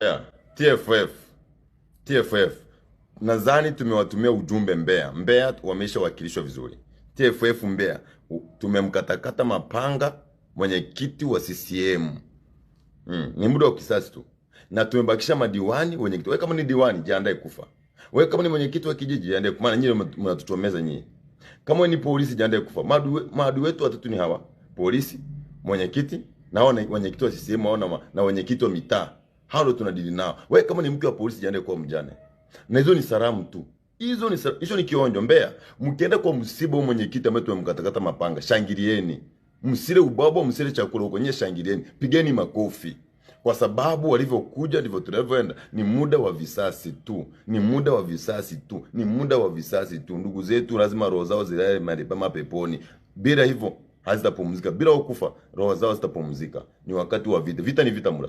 Mbeya, TFF, TFF nadhani tumewatumia ujumbe Mbeya. Mbeya wameshawakilishwa vizuri. TFF Mbeya tumemkatakata Mapanga, mwenyekiti wa CCM. Mm, ni muda wa kisasi tu, na tumebakisha madiwani, wenyekiti. Wewe kama ni diwani, jiandae kufa. Wewe kama ni mwenyekiti wa kijiji, jiandae kwa maana nyinyi mnatutomeza nyinyi. Kama ni polisi, jiandae kufa. Maadui wetu watatu ni hawa: polisi, mwenyekiti na wao, mwenyekiti wa CCM na, na wenyekiti wa mitaa. Hao ndio tunadili nao. Wewe kama ni mke wa polisi, jiandae kuwa mjane, na hizo ni salamu tu hizo ni hizo ni kionjo. Mbeya mkienda kwa msiba huo mwenyekiti ambaye tumemkatakata mapanga, shangilieni, msile ubabu, msile chakula huko nyewe, shangilieni, pigeni makofi, kwa sababu walivyokuja ndivyo tunavyoenda. Ni muda wa visasi tu, ni muda wa visasi tu, ni muda wa visasi tu. Ndugu zetu lazima roho zao zilale mahali zilae mapeponi, bila hivyo hazitapumzika, bila kufa roho zao zitapumzika. Ni wakati wa vita, vita ni vita mura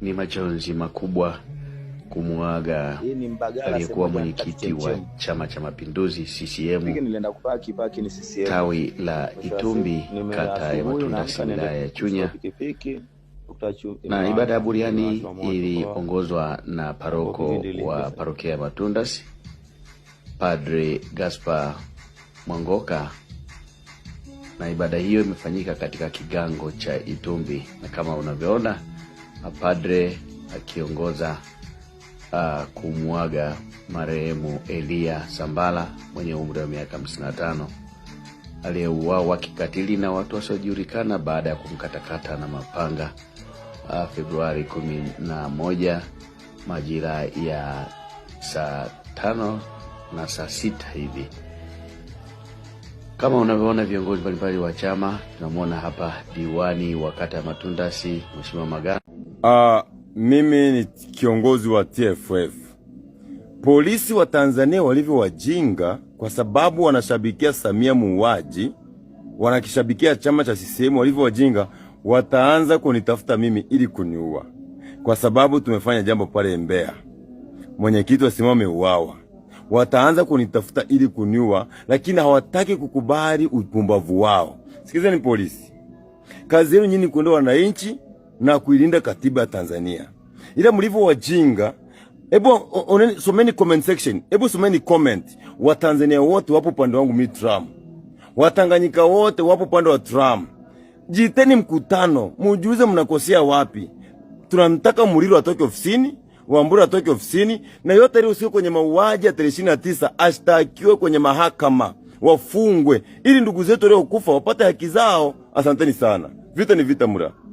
Ni machozi makubwa kumwaga aliyekuwa mwenyekiti wa Chama cha Mapinduzi CCM tawi la Itumbi kata ya Matundasi wilaya ya Chunya na ibada ya buriani iliongozwa na paroko wa parokia ya matundas Padre Gaspar Mwangoka na ibada hiyo imefanyika katika kigango cha Itumbi, na kama unavyoona padre akiongoza uh, kumwaga marehemu Elia Sambala mwenye umri wa miaka 55 aliyeuawa kikatili na watu wasiojulikana baada ya kumkatakata na mapanga uh, Februari 11 majira ya saa tano na saa sita hivi. Kama unavyoona viongozi mbalimbali wa chama, tunamwona hapa diwani wa kata ya Matundasi Mheshimiwa Magana. Uh, mimi ni kiongozi wa TFF. Polisi wa Tanzania walivyo wajinga, kwa sababu wanashabikia Samia muuaji, wanakishabikia chama cha sisehemu walivyo wajinga, wataanza kunitafuta mimi ili kuniua, kwa sababu tumefanya jambo pale Mbeya, mwenyekiti wa simame uawa wataanza kunitafuta ili kuniua, lakini hawataki kukubali upumbavu wao. Sikizeni polisi, kazi yenu nyinyi ni kuondoa wananchi na kuilinda katiba ya Tanzania, ila mlivyo wajinga. Hebu someni comment section, hebu someni comment. Watanzania wote wapo upande wangu mi Trump, Watanganyika wote wapo upande wa Trump. Jiteni mkutano, mujuze mnakosea wapi. Tunamtaka Muliro atoke ofisini Wambura atoke ofisini na yote alihusika kwenye mauaji ya tarehe ishirini na tisa ashtakiwe kwenye mahakama, wafungwe ili ndugu zetu waliokufa wapate haki zao. Asanteni sana. Vita ni vita mura